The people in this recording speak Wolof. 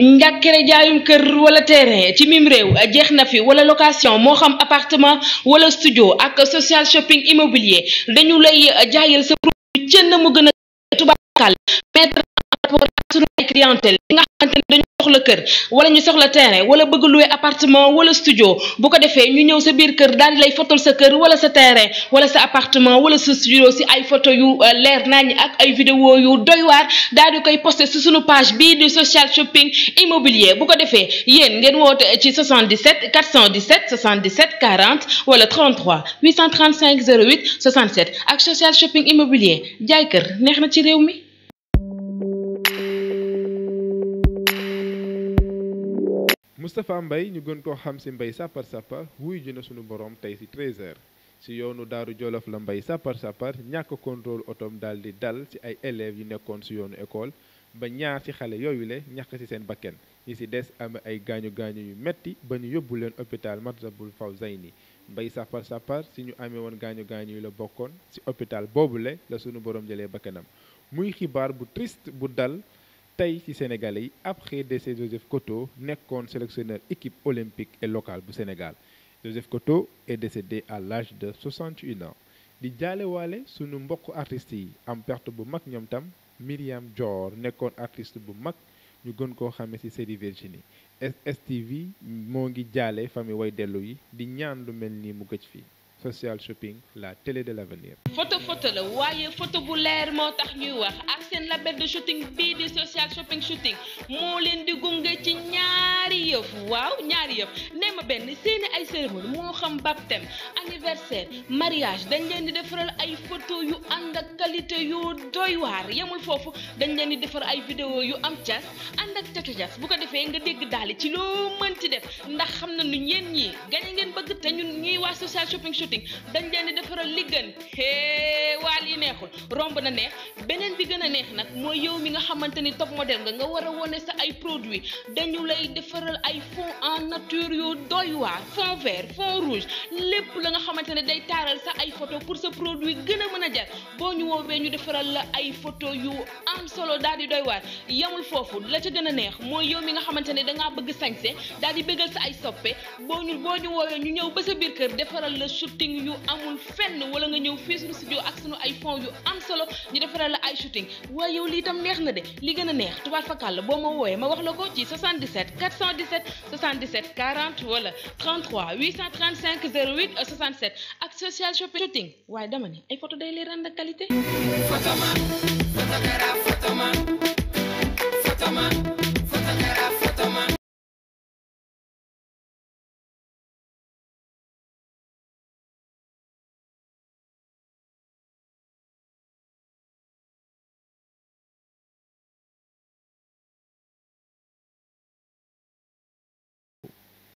njàkkere jaayum keur wala terrain ci mim réew jeex fi wala location mo xam appartement wala studio ak social shopping immobilier dañu lay jaayal sa produit cenn mu gëna tubakal tubaakal mettre en rapport ak sunu clientèle nga xamante dañu soxla kër wala ñu soxla terrain wala bëgg louer appartement wala studio bu ko défé ñu ñëw sa biir kër dal di lay fotol sa kër wala sa terrain wala sa appartement wala sa studio si ay photo yu euh, leer nañ ak ay vidéo yu doy waar dal di koy poster sur suñu page bi di social shopping immobilier bu ko défé yeen ngeen wote ci 77 417 77 40 wala 33 835 08 67 ak social shopping immobilier jaay kër neex na ci réew mi Moustapha mbay ñu gën koo xam si Mbaye Sapar Sapar wuy ji na sunu borom tey si 13h si yoonu Daaru Jolof la Mbaye Sapar Sapar ñàkk contrôle otoom daal di dal si ay élèves yu nekkoon si yoonu école ba ñaar si xale yooyu le ñàkk si seen bakken ñi si des am ay gaañu gaañu yu metti ba ñu yóbbu leen hôpital Matlaboul Fawzayni Mbaye Sapar Sapar si ñu amee woon gaañu gaañu yu la bokkoon si boobu le la sunu borom jëlee bakkenam muy xibaar bu trist bu dal. tey ci sénégalais yi après décès Joseph Koto nekkoon sélectionneur équipe olympique et locale bu Sénégal Joseph Koto est décédé à l'âge de 61 ans di jaalewaale sunu mbokk artiste yi am perte bu mag ñoom tam miriam Dior nekkoon artiste bu mag ñu gën koo xamee ci série Virginie STV moo ngi jaale famille way dellu yi di ñaan lu mel mu gëj fii social shopping la télé de l'avenir. photo photo le waye photo bu leer motax ñuy wax ak sen label de shooting bi social shopping shooting mo leen di gungé ci ñaar. yëf waaw ñaari yëf nee ma benn seeni ay cérémonie moo xam baptême anniversaire mariage dañ leen di defaral ay photo yu ànd ak qualité yu doy waar yemul foofu dañ leen di defar ay vidéo yu am cas ànd ak catu cas bu ko defee nga dégg daali ci loo mënti def ndax xam na nu yéen ñii gañ ngeen bëgg te ñun ñuy waa social shopping shooting dañ leen di defaral li gën neexul romb na neex beneen bi gën a neex nag mooy yow mi nga xamante ni top model nga nga war a wone sa ay produit dañu lay defaral ay fond en nature yu doy waar fond vert fond rouge lépp la nga xamante ne day taaral sa ay photo pour sa produit gën a mën a jar boo ñu woowee ñu defaral la ay photo yu am solo daal di doy waar yamul foofu la ca gën a neex mooy yow mi nga xamante ne dangaa bëgg sañse daal di bëggal sa ay soppe boo ñu boo ñu woowee ñu ñëw ba sa biir kër defaral la shooting yu coupon yu am solo ñu defaral la ay shooting way yow li tam neex na de li gëna neex tubaab fakal la ma woyé ma wax la ko ci 77 417 77 40 wala 33 835 08 67 ak social shopping way dama ne ay photo day leer ànd photo man